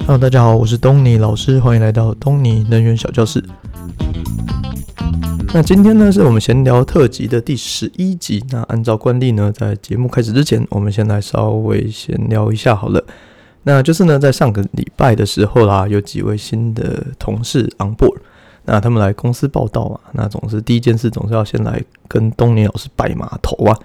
Hello，大家好，我是東尼老師，歡迎來到東尼能源小教室。 那今天呢，是我們閒聊特輯的第十一集。那按照慣例呢，在節目開始之前，我們先來稍微閒聊一下好了。那就是呢，在上個禮拜的時候啦、啊，有幾位新的同事 onboard，那他們來公司報到嘛，那總是第一件事總是要先來跟東尼老師拜碼頭啊。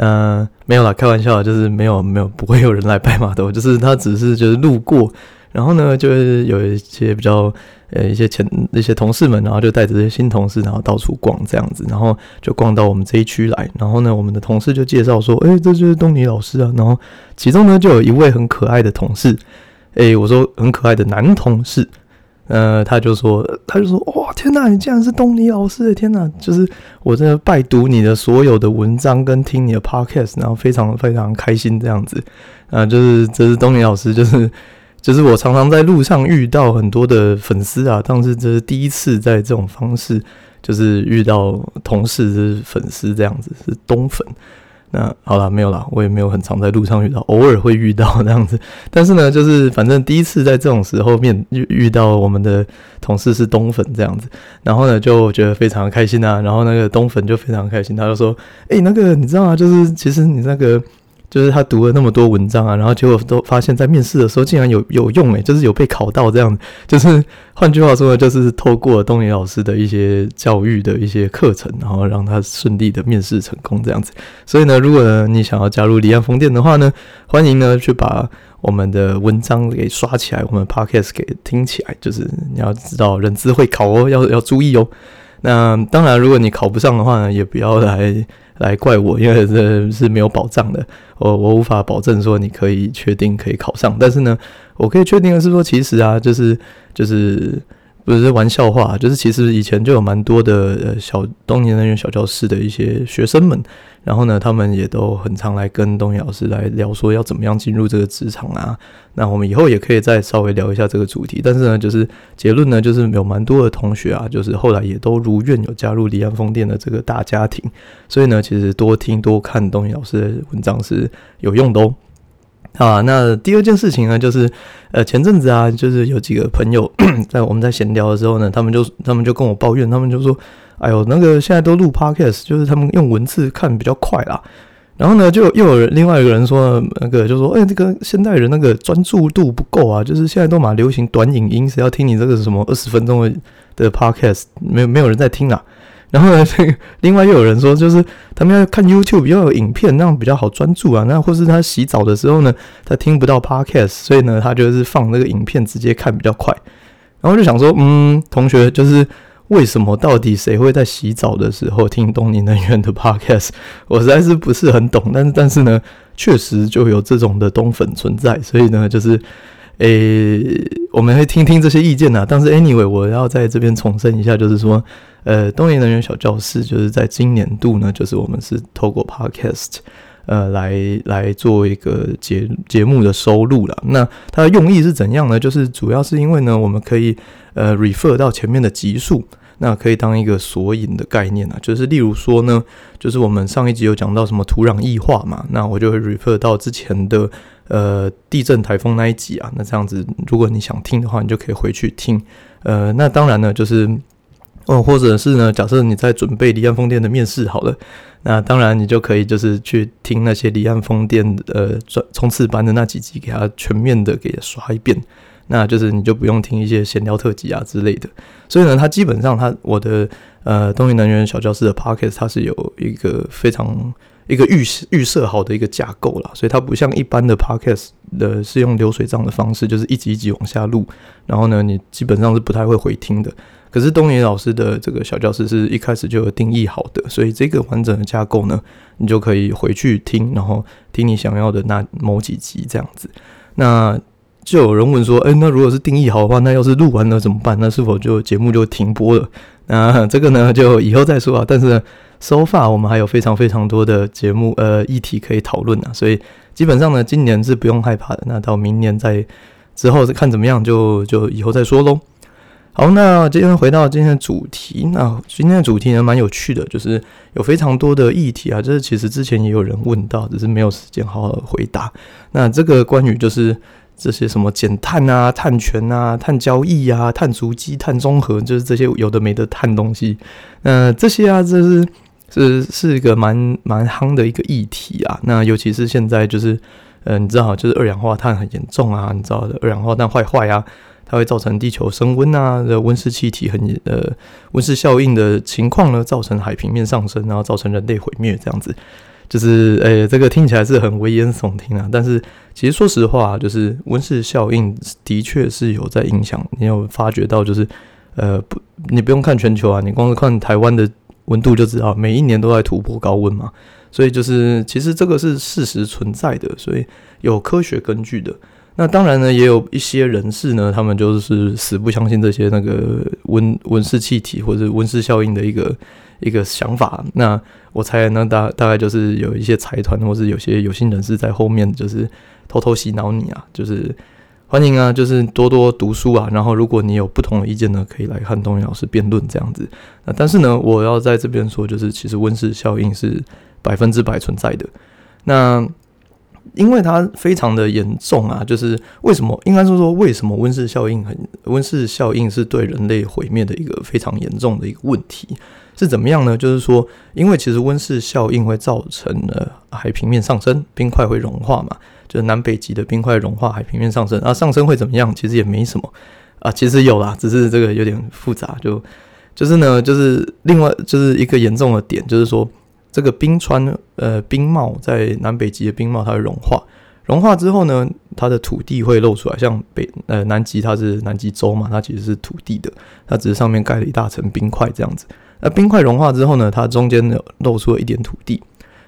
呃，沒有啦，開玩笑，就是沒有沒有，不會有人來拜碼頭，就是他只是就是路過，然後呢，就是有一些比較呃、欸、一些前那些同事們，然後就帶着這些新同事，然後到處逛這樣子，然後就逛到我們這一區來，然後呢，我們的同事就介紹說，哎、欸，這就是東尼老師啊，然後其中呢就有一位很可愛的同事，哎、欸，我說很可愛的男同事。呃，他就說，他就說，哇、哦，天哪，你竟然是東尼老師，天哪，就是我在拜讀你的所有的文章跟聽你的 podcast，然後非常非常開心這樣子，呃，就是這是東尼老師，就是就是我常常在路上遇到很多的粉絲啊，但是這是第一次在這種方式就是遇到同事是粉絲這樣子，是東粉。那好啦，沒有啦，我也沒有很常在路上遇到，偶爾會遇到這樣子。但是呢，就是反正第一次在這種時候面遇遇到我們的同事是東粉這樣子，然後呢就覺得非常開心啊，然後那個東粉就非常開心，他就說：“誒、欸，那個你知道啊，就是其實你那個。”就是他讀了那麼多文章啊，然後結果都發現，在面試的時候竟然有有用誒，就是有被考到這樣。就是換句話說，就是透過東尼老師的一些教育的一些課程，然後讓他順利的面試成功這樣子。所以呢，如果你想要加入離岸風電的話呢，歡迎呢去把我們的文章給刷起來，我們的 podcast 給聽起來。就是你要知道，人資會考哦，要要注意哦。那當然，如果你考不上的話呢，也不要來。來怪我，因為這是沒有保障的。我我無法保證說你可以確定可以考上，但是呢，我可以確定的是說，其實啊，就是就是。就是玩笑話，就是其實以前就有蠻多的呃小東尼能源小教室的一些學生們，然後呢，他們也都很常來跟東尼老師來聊，說要怎麼樣進入這個職場啊。那我們以後也可以再稍微聊一下這個主題，但是呢，就是結論呢，就是有蠻多的同學啊，就是後來也都如願有加入離岸風電的這個大家庭。所以呢，其實多聽多看東尼老師的文章是有用的哦。啊，那第二件事情呢，就是，呃，前陣子啊，就是有幾個朋友在我們在閒聊的時候呢，他們就他們就跟我抱怨，他們就說，哎呦，那個現在都錄 podcast，就是他們用文字看比較快啦。然後呢，就又有人另外一個人說，那個就說，哎、欸，這個現代人那個專注度不夠啊，就是現在都蠻流行短影音，誰要聽你這個什麼二十分鐘的 podcast，沒有沒有人在聽啊。然後呢，這個另外又有人說，就是他們要看 YouTube，要有影片那樣比較好專注啊。那或是他洗澡的時候呢，他聽不到 Podcast，所以呢，他就是放那個影片直接看比較快。然後就想說，嗯，同學，就是為什麼到底誰會在洗澡的時候聽東尼能源的 Podcast？我實在是不是很懂，但是但是呢，確實就有這種的東粉存在，所以呢，就是。誒、欸，我們會聽聽這些意見吶、啊。但是，anyway，我要在這邊重申一下，就是說，呃，東岩能源小教室就是在今年度呢，就是我們是透過 podcast 呃來來做一個節節目的收錄了。那它的用意是怎樣呢？就是主要是因為呢，我們可以呃 refer 到前面的集數，那可以當一個索引的概念啊。就是例如說呢，就是我們上一集有講到什麼土壤液化嘛，那我就會 refer 到之前的。呃，地震、颱風那一集啊，那這樣子，如果你想聽的話，你就可以回去聽。呃，那當然呢，就是哦、呃，或者是呢，假設你在準備離岸風電的面試，好了，那當然你就可以就是去聽那些離岸風電呃衝衝刺班的那幾集，給它全面的給刷一遍。那就是你就不用聽一些閒聊特輯啊之類的。所以呢，它基本上它我的呃東元能源小教室的 p o c a e t 它是有一個非常，一個預預設好的一個架構啦，所以它不像一般的 podcast 的是用流水賬的方式，就是一集一集往下錄，然後呢，你基本上是不太會回聽的。可是東野老師的這個小教室是一開始就有定義好的，所以這個完整的架構呢，你就可以回去聽，然後聽你想要的那某幾集這樣子。那就有人問說：“誒、欸，那如果是定義好的話，那要是錄完了怎麼辦？那是否就節目就停播了？”那這個呢，就以後再說啊。但是收發，so far，我們還有非常非常多的節目呃議題可以討論啊。所以基本上呢，今年是不用害怕的。那到明年再之後是看怎麼樣就，就就以後再說嘍。好，那今天回到今天的主題，那今天的主題呢蠻有趣的，就是有非常多的議題啊，就是其實之前也有人問到，只是沒有時間好好回答。那這個關於就是。這些什麼減碳啊、碳權啊、碳交易啊、碳足跡、碳中和，就是這些有的沒的碳東西。呃，這些啊，這、就是是是一個蠻蠻夯的一個議題啊。那尤其是現在，就是呃、嗯，你知道，就是二氧化碳很嚴重啊，你知道的，二氧化碳壞壞啊，它會造成地球升溫啊，溫室氣體很呃溫室效應的情況呢，造成海平面上升，然後造成人類毀滅這樣子。就是，誒、欸，這個聽起來是很危言聳聽啊，但是其實說實話啊，就是溫室效應的確是有在影響。你有發覺到，就是，呃，不，你不用看全球啊，你光是看台灣的溫度就知道，每一年都在突破高溫嘛。所以就是，其實這個是事實存在的，所以有科學根據的。那當然呢，也有一些人士呢，他們就是死不相信這些那個溫溫室氣體或者溫室效應的一個。一個想法，那我猜呢，大大概就是有一些財團，或是有些有心人士在後面，就是偷偷洗腦你啊，就是歡迎啊，就是多多讀書啊，然後如果你有不同的意見呢，可以來和東林老師辯論這樣子。那但是呢，我要在這邊說，就是其實溫室效應是百分之百存在的。那因為它非常的嚴重啊，就是為什麼？應該說說為什麼溫室效應很溫室效應是對人類毀滅的一個非常嚴重的一個問題。是怎麼樣呢？就是說，因為其實溫室效應會造成了，呃，海平面上升，冰塊會融化嘛。就是南北極的冰塊融化，海平面上升啊，上升會怎麼樣？其實也沒什麼啊，其實有啦，只是這個有點複雜。就就是呢，就是另外就是一個嚴重的點，就是說這個冰川，呃，冰帽在南北極的冰帽它會融化，融化之後呢，它的土地會露出來。像北，呃，南極它是南極洲嘛，它其實是土地的，它只是上面蓋了一大層冰塊這樣子。那冰塊融化之後呢，它中間呢露出了一點土地。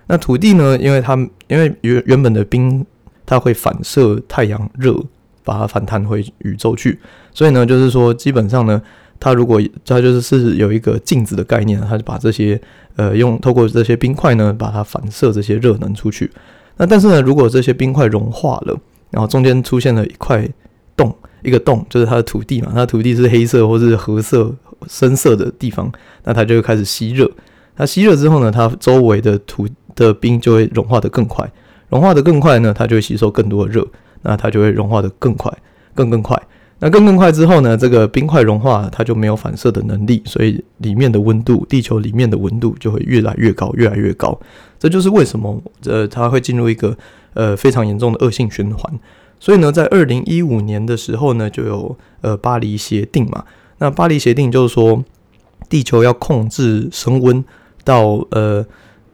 那土地呢，因為它因為原原本的冰，它會反射太陽熱，把它反彈回宇宙去。所以呢，就是說基本上呢，它如果它就是是有一個鏡子的概念，它就把這些呃用透過這些冰塊呢，把它反射這些熱能出去。那但是呢，如果這些冰塊融化了，然後中間出現了一塊洞，一個洞就是它的土地嘛。它的土地是黑色或是褐色。深色的地方，那它就會開始吸熱。它吸熱之後呢，它周圍的土的冰就會融化得更快。融化得更快呢，它就會吸收更多的熱，那它就會融化得更快，更更快。那更更快之後呢，這個冰塊融化，它就沒有反射的能力，所以裡面的溫度，地球裡面的溫度就會越來越高，越來越高。這就是為什麼這，呃，它會進入一個呃非常嚴重的惡性循環。所以呢，在二零一五年的時候呢，就有呃巴黎協定嘛。那巴黎協定就是說，地球要控制升溫到呃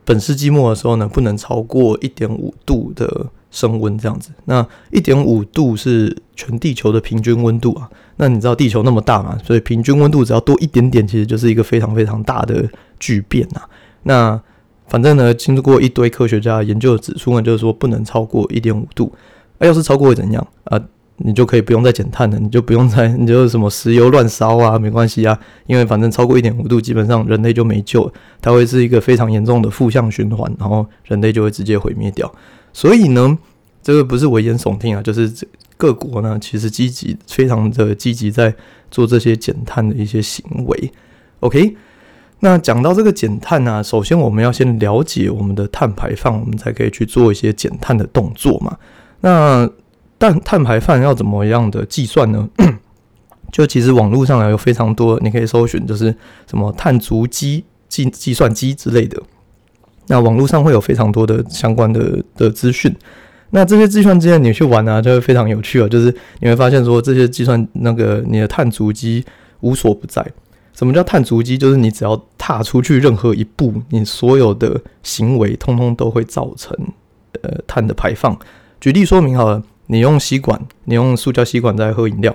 本世紀末的時候呢，不能超過一點五度的升溫這樣子。那一點五度是全地球的平均溫度啊。那你知道地球那麼大嘛？所以平均溫度只要多一點點，其實就是一個非常非常大的巨變吶啊。那反正呢，經過一堆科學家研究的指出呢，就是說不能超過一點五度。那要是超過會怎樣啊？你就可以不用再減碳了，你就不用再，你就什麼石油亂燒啊，沒關係啊，因為反正超過一點五度，基本上人類就沒救了，它會是一個非常嚴重的負向循環，然後人類就會直接毀滅掉。所以呢，這個不是危言聳聽啊，就是各國呢其實積極，非常的積極在做這些減碳的一些行為。OK，那講到這個減碳呢、啊，首先我們要先了解我們的碳排放，我們才可以去做一些減碳的動作嘛。那但碳排放要怎麼樣的計算呢？ 就其實網絡上有非常多，你可以搜尋，就是什麼碳足跡計計算機之類的。那網絡上會有非常多的相關的的資訊。那這些計算機你去玩啊，就會非常有趣啊。就是你會發現說，這些計算那個你的碳足跡無所不在。什麼叫碳足跡？就是你只要踏出去任何一步，你所有的行為通通都會造成呃碳的排放。舉例說明好了。你用吸管，你用塑膠吸管在喝飲料，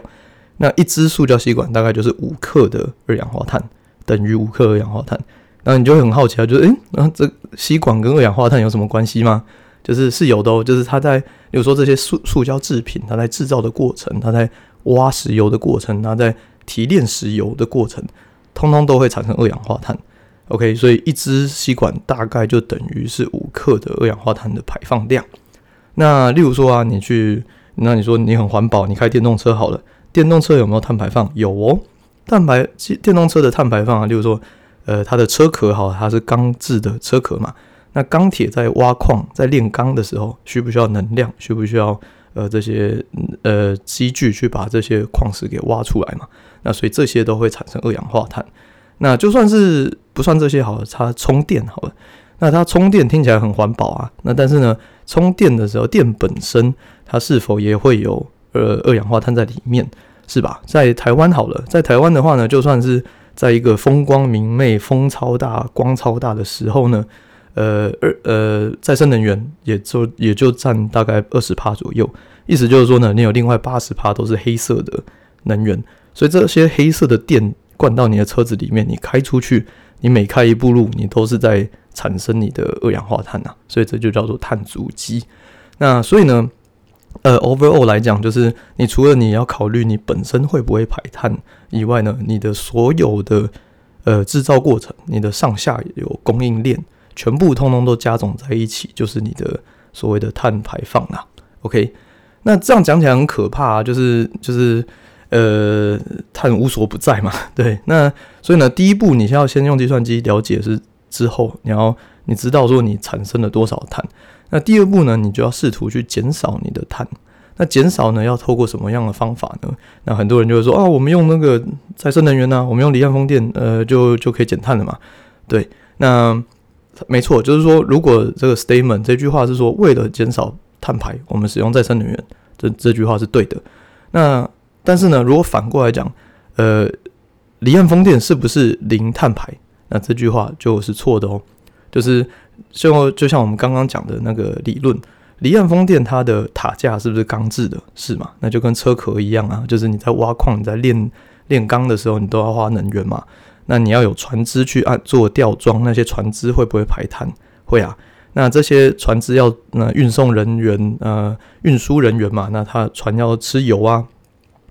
那一支塑膠吸管大概就是五克的二氧化碳，等於五克二氧化碳。那你就會很好奇啊，就是、欸、那這吸管跟二氧化碳有什麼關係嗎？就是是有的哦，就是它在，比如說這些塑塑膠製品，它在製造的過程，它在挖石油的過程，它在提煉石油的過程，通通都會產生二氧化碳。OK，所以一支吸管大概就等於是五克的二氧化碳的排放量。那例如說啊，你去，那你說你很環保，你開電動車好了。電動車有沒有碳排放？有哦，碳排電動車的碳排放啊，例如說，呃，它的車殼好了，它是鋼製的車殼嘛。那鋼鐵在挖礦、在煉鋼的時候，需不需要能量？需不需要呃這些呃機具去把這些礦石給挖出來嘛？那所以這些都會產生二氧化碳。那就算是不算這些好了，它充電好了。那它充電聽起來很環保啊，那但是呢，充電的時候，電本身它是否也會有呃二氧化碳在裡面，是吧？在台灣好了，在台灣的話呢，就算是在一個風光明媚、風超大、光超大的時候呢，呃，呃，再生能源也就也就占大概二十趴左右，意思就是說呢，你有另外八十趴都是黑色的能源，所以這些黑色的電灌到你的車子裡面，你開出去。你每開一步路，你都是在產生你的二氧化碳吶、啊，所以這就叫做碳足跡。那所以呢，呃，overall 來講，就是你除了你要考慮你本身會不會排碳以外呢，你的所有的呃制造過程，你的上下游供應鏈，全部通通都加總在一起，就是你的所謂的碳排放啊。OK，那這樣講起來很可怕，啊，就是就是。呃，碳無所不在嘛，對，那所以呢，第一步你先要先用計算機了解是之後，然後你知道說你產生了多少碳，那第二步呢，你就要試圖去減少你的碳，那減少呢，要透過什麼樣的方法呢？那很多人就會說，啊、哦，我們用那個再生能源呢、啊，我們用離岸風電，呃，就就可以減碳了嘛，對，那沒錯，就是說，如果這個 statement 這句話是說為了減少碳排，我們使用再生能源，這這句話是對的，那。但是呢，如果反過來講，呃，離岸風電是不是零碳排？那這句話就是錯的哦。就是就就像我們剛剛講的那個理論，離岸風電它的塔架是不是鋼制的？是嘛？那就跟車殼一樣啊，就是你在挖礦、你在煉煉鋼的時候，你都要花能源嘛。那你要有船只去按做吊裝，那些船只會不會排碳？會啊。那這些船只要那運送人員呃運輸人員嘛，那他船要吃油啊。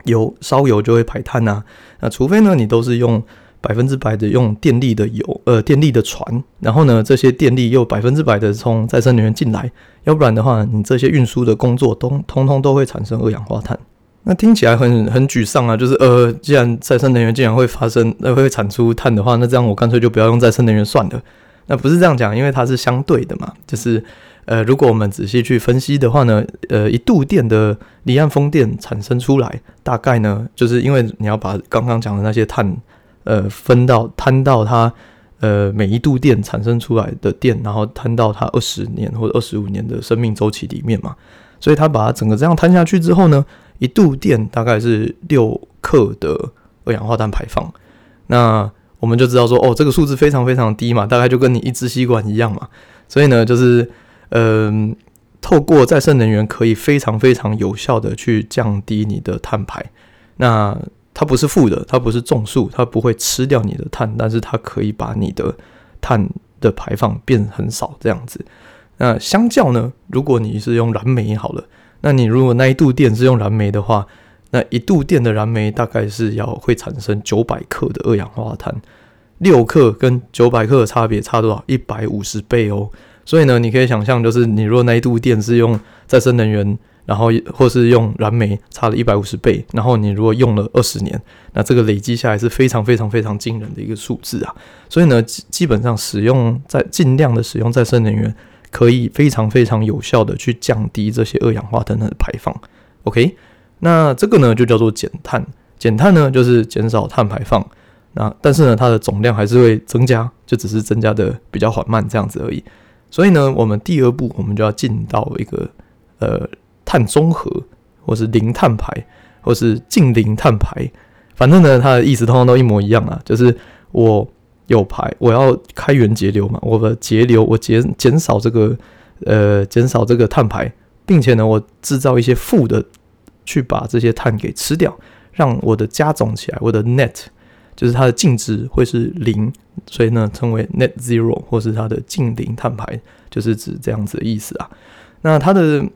油燒油就會排碳啊，那除非呢，你都是用百分之百的用電力的油，呃，電力的船，然後呢這些電力又百分之百的從再生能源進來，要不然的話你這些運輸的工作都通通都會產生二氧化碳。那聽起來很很沮喪啊，就是呃，既然再生能源竟然會發生呃會產出碳的話，那這樣我乾脆就不要用再生能源算了。那不是這樣講，因為它是相對的嘛，就是。呃，如果我們仔細去分析的話呢，呃，一度電的離岸風電產生出來，大概呢，就是因為你要把剛剛講的那些碳，呃，分到攤到它，呃，每一度電產生出來的電，然後攤到它二十年或者二十五年的生命週期裡面嘛，所以它把它整個這樣攤下去之後呢，一度電大概是六克的二氧化碳排放，那我們就知道說，哦，這個數字非常非常低嘛，大概就跟你一支吸管一樣嘛，所以呢，就是。呃、嗯，透過再生能源可以非常非常有效地去降低你的碳排。那它不是負的，它不是種樹，它不會吃掉你的碳，但是它可以把你的碳的排放變成很少這樣子。那相較呢，如果你是用燃煤好了，那你如果那一度電是用燃煤的話，那一度電的燃煤大概是要會產生九百克的二氧化碳，六克跟九百克的差別差多少？一百五十倍哦。所以呢，你可以想象，就是你如果那一度電是用再生能源，然後或是用燃煤，差了一百五十倍。然後你如果用了二十年，那這個累積下來是非常非常非常驚人的一個數字啊。所以呢，基本上使用在盡量的使用再生能源，可以非常非常有效的去降低這些二氧化碳的排放。OK，那這個呢就叫做減碳。減碳呢就是減少碳排放。那但是呢，它的總量還是會增加，就只是增加的比較緩慢這樣子而已。所以呢，我們第二步，我們就要進到一個呃碳中和，或是零碳排，或是淨零碳排，反正呢，它的意思通常都一模一樣啊，就是我有排，我要開源節流嘛，我的節流我，我減減少這個呃減少這個碳排，並且呢，我製造一些負的去把這些碳給吃掉，讓我的加總起來，我的 net。就是它的淨值會是零，所以呢稱為 net zero，或是它的淨零碳排，就是指這樣子的意思啊。那它的嗯、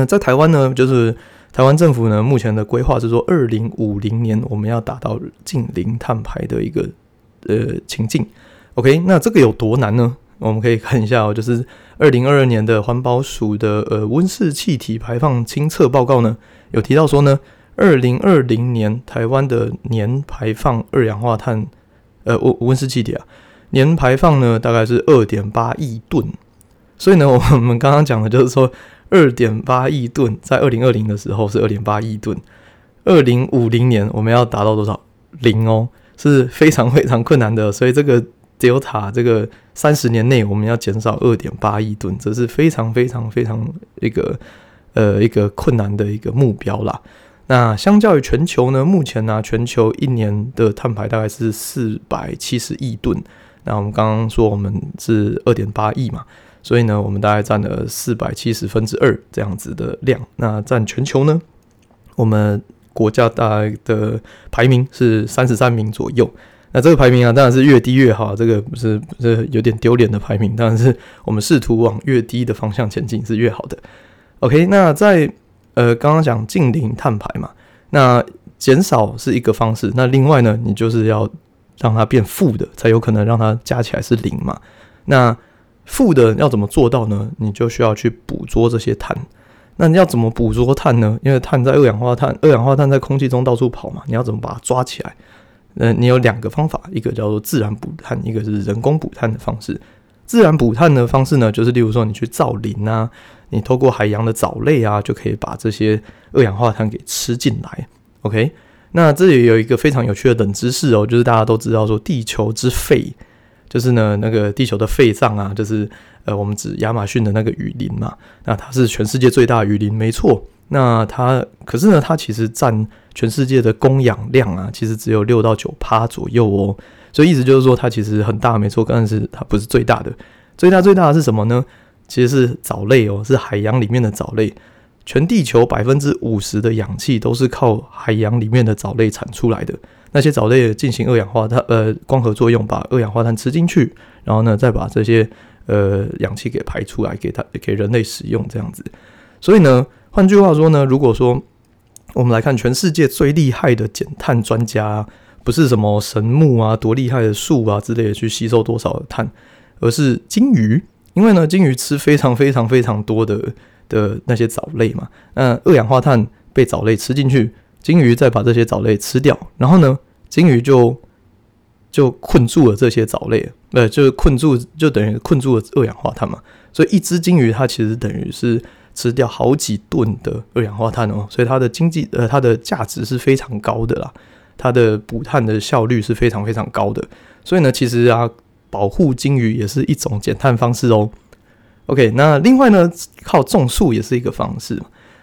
呃，在台灣呢，就是台灣政府呢，目前的規劃是說，二零五零年我們要達到淨零碳排的一個呃情境。OK，那這個有多難呢？我們可以看一下哦，就是二零二二年的環保署的呃溫室氣體排放清冊報告呢，有提到說呢。二零二零年，台灣的年排放二氧化碳，呃，溫溫室氣體啊，年排放呢大概是二點八億噸。所以呢，我們剛剛講的就是說，二點八億噸在二零二零的時候是二點八億噸，二零五零年我們要達到多少？零哦，是非常非常困難的。所以這個 Delta 這個三十年內我們要減少二點八億噸，這是非常非常非常一個呃一個困難的一個目標啦。那相較於全球呢？目前呢，啊，全球一年的碳排大概是四百七十億噸。那我們剛剛說我們是二點八億嘛，所以呢，我們大概占了四百七十分之二這樣子的量。那占全球呢，我們國家大概的排名是三十三名左右。那這個排名啊，當然是越低越好。這個不是，是有點丟臉的排名，當然是我們試圖往越低的方向前進是越好的。OK，那在。呃，剛剛講淨零碳排嘛，那減少是一個方式，那另外呢，你就是要讓它變負的，才有可能讓它加起來是零嘛。那負的要怎麼做到呢？你就需要去捕捉這些碳。那你要怎麼捕捉碳呢？因為碳在二氧化碳，二氧化碳在空氣中到處跑嘛，你要怎麼把它抓起來？呃，你有兩個方法，一個叫做自然捕碳，一個是人工捕碳的方式。自然捕碳的方式呢，就是例如說你去造林啊。你透過海洋的藻類啊，就可以把這些二氧化碳給吃進來。OK，那這裡有一個非常有趣的冷知識哦，就是大家都知道說地球之肺，就是呢那個地球的肺臟啊，就是呃我們指亞馬遜的那個雨林嘛。那它是全世界最大的雨林，沒錯。那它可是呢，它其實佔全世界的供氧量啊，其實只有六到九趴左右哦。所以意思就是說它其實很大，沒錯，但是它不是最大的。最大最大的是什麼呢？其實是藻類哦，是海洋裡面的藻類。全地球百分之五十的氧氣都是靠海洋裡面的藻類產出來的。那些藻類進行二氧化碳，呃，光合作用，把二氧化碳吃進去，然後呢，再把這些呃氧氣給排出來，給它給人類使用這樣子。所以呢，換句話說呢，如果說我們來看全世界最厲害的減碳專家，不是什麼神木啊、多厲害的樹啊之類的去吸收多少的碳，而是鯨魚。因為呢，鯨魚吃非常非常非常多的的那些藻類嘛，那二氧化碳被藻類吃進去，鯨魚再把這些藻類吃掉，然後呢，鯨魚就就困住了這些藻類，呃，就是困住，就等於困住了二氧化碳嘛。所以一隻鯨魚它其實等於是吃掉好幾噸的二氧化碳哦，所以它的經濟呃，它的價值是非常高的啦，它的捕碳的效率是非常非常高的。所以呢，其實啊。保護鯨魚也是一種減碳方式哦。OK，那另外呢，靠種樹也是一個方式。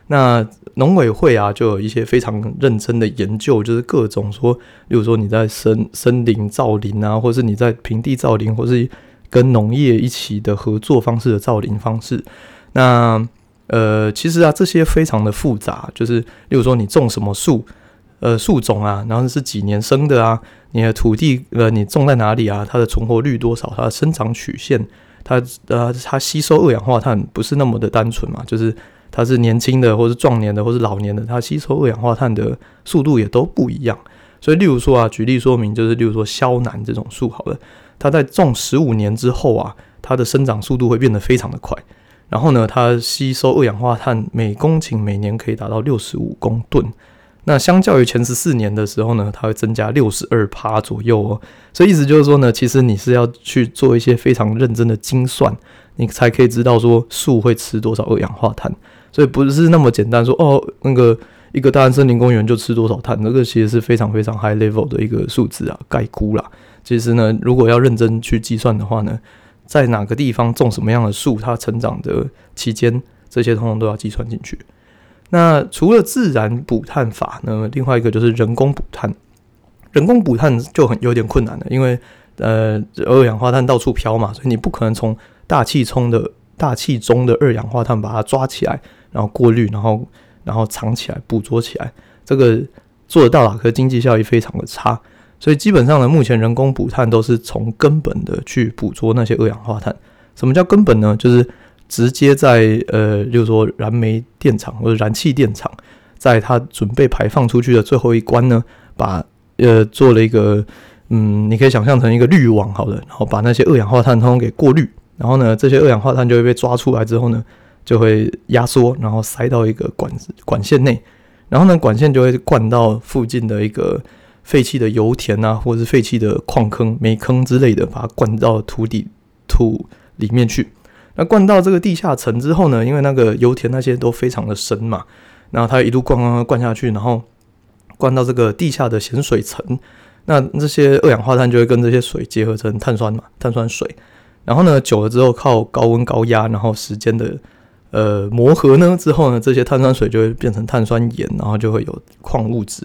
那農委會啊，就有一些非常認真的研究，就是各種說，例如說你在森森林造林啊，或是你在平地造林，或是跟農業一起的合作方式的造林方式。那呃，其實啊，這些非常的複雜，就是例如說你種什麼樹。呃，樹種啊，然後是幾年生的啊，你的土地，呃，你種在哪裡啊？它的存活率多少？它的生長曲線，它呃，它吸收二氧化碳不是那麼的單純嘛？就是它是年輕的，或是壯年的，或是老年的，它吸收二氧化碳的速度也都不一樣。所以，例如說啊，舉例說明，就是例如說肖楠這種樹好了，它在種十五年之後啊，它的生長速度會變得非常的快。然後呢，它吸收二氧化碳每公頃每年可以達到六十五公噸。那相較於前十四年的時候呢，它會增加六十二趴左右哦。所以意思就是說呢，其實你是要去做一些非常認真的精算，你才可以知道說樹會吃多少二氧化碳。所以不是那麼簡單說哦，那個一個大安森林公園就吃多少碳，這、那個其實是非常非常 high level 的一個數字啊，概估啦。其實呢，如果要認真去計算的話呢，在哪個地方種什麼樣的樹，它成長的期間，這些統統都要計算進去。那除了自然補碳法呢，另外一個就是人工補碳。人工補碳就很有點困難了，因為呃二氧化碳到處飄嘛，所以你不可能從大氣中的大氣中的二氧化碳把它抓起來，然後過濾，然後然後藏起來，捕捉起來，這個做得到哪，可是經濟效益非常的差。所以基本上呢，目前人工補碳都是從根本的去捕捉那些二氧化碳。什麼叫根本呢？就是。直接在呃，就是說燃煤電廠或者燃氣電廠，在它準備排放出去的最後一關呢，把呃做了一個嗯，你可以想象成一個濾網好了，然後把那些二氧化碳通通給過濾，然後呢，這些二氧化碳就會被抓出來之後呢，就會壓縮，然後塞到一個管管線內，然後呢，管線就會灌到附近的一個廢棄的油田啊，或者是廢棄的礦坑、煤坑之類的，把它灌到土底土裡面去。那灌到這個地下層之後呢，因為那個油田那些都非常的深嘛，然後它一路灌灌灌下去，然後灌到這個地下的鹹水層，那這些二氧化碳就會跟這些水結合成碳酸嘛，碳酸水。然後呢，久了之後靠高溫高壓，然後時間的呃磨合呢，之後呢，這些碳酸水就會變成碳酸鹽，然後就會有礦物質，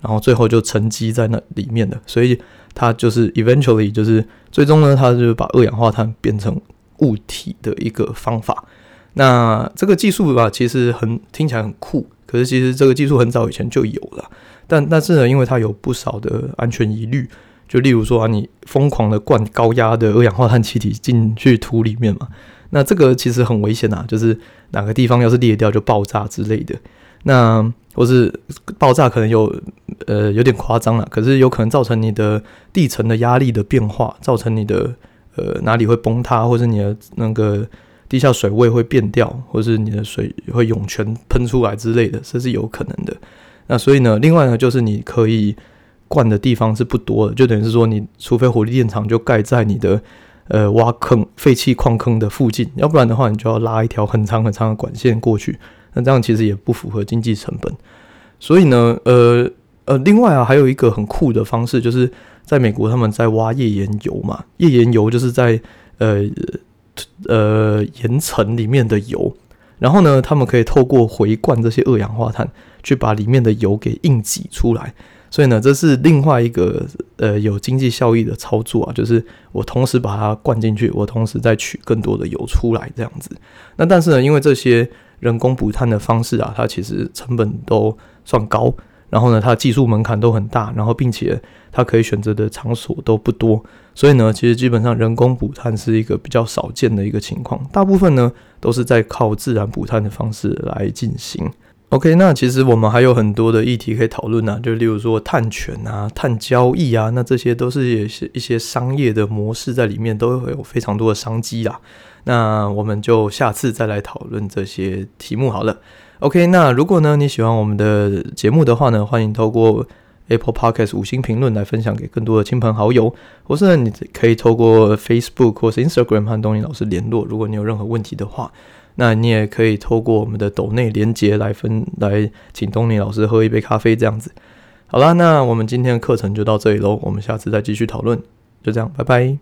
然後最後就沉積在那裡面的。所以它就是 eventually 就是最終呢，它就把二氧化碳變成。物體的一個方法，那這個技術吧，其實很聽起來很酷，可是其實這個技術很早以前就有了，但但是呢，因為它有不少的安全疑慮，就例如說啊，你瘋狂的灌高壓的二氧化碳氣體進去土裡面嘛，那這個其實很危險吶，就是哪個地方要是裂掉就爆炸之類的，那或是爆炸可能有呃有點誇張了，可是有可能造成你的地層的壓力的變化，造成你的。呃，哪裡會崩塌，或是你的那個地下水位會變掉，或是你的水會湧泉噴出來之類的，這是有可能的。那所以呢，另外呢，就是你可以灌的地方是不多的，就等於是說你，你除非火力電廠就蓋在你的呃挖坑廢棄礦坑的附近，要不然的話，你就要拉一條很長很長的管線過去。那這樣其實也不符合經濟成本。所以呢，呃呃，另外啊，還有一個很酷的方式就是。在美國，他們在挖頁岩油嘛，頁岩油就是在呃呃岩層裡面的油，然後呢，他們可以透過回灌這些二氧化碳，去把裡面的油給硬擠出來，所以呢，這是另外一個呃有經濟效益的操作啊，就是我同時把它灌進去，我同時再取更多的油出來這樣子。那但是呢，因為這些人工捕碳的方式啊，它其實成本都算高。然後呢，它技術門檻都很大，然後並且它可以選擇的場所都不多，所以呢，其實基本上人工捕碳是一個比較少見的一個情況，大部分呢都是在靠自然捕碳的方式來進行。OK，那其實我們還有很多的議題可以討論呢、啊，就例如說碳權啊、碳交易啊，那這些都是是一些商業的模式在裡面，都會有非常多的商機啦。那我們就下次再來討論這些題目好了。OK，那如果呢，你喜歡我們的節目的話呢，歡迎透過 Apple Podcast 五星評論來分享給更多的親朋好友。或是你可以透過 Facebook 或是 Instagram 和東尼老師聯絡。如果你有任何問題的話，那你也可以透過我們的抖內連接來分來請東尼老師喝一杯咖啡這樣子。好啦，那我們今天的課程就到這裡嘍，我們下次再繼續討論。就這樣，拜拜。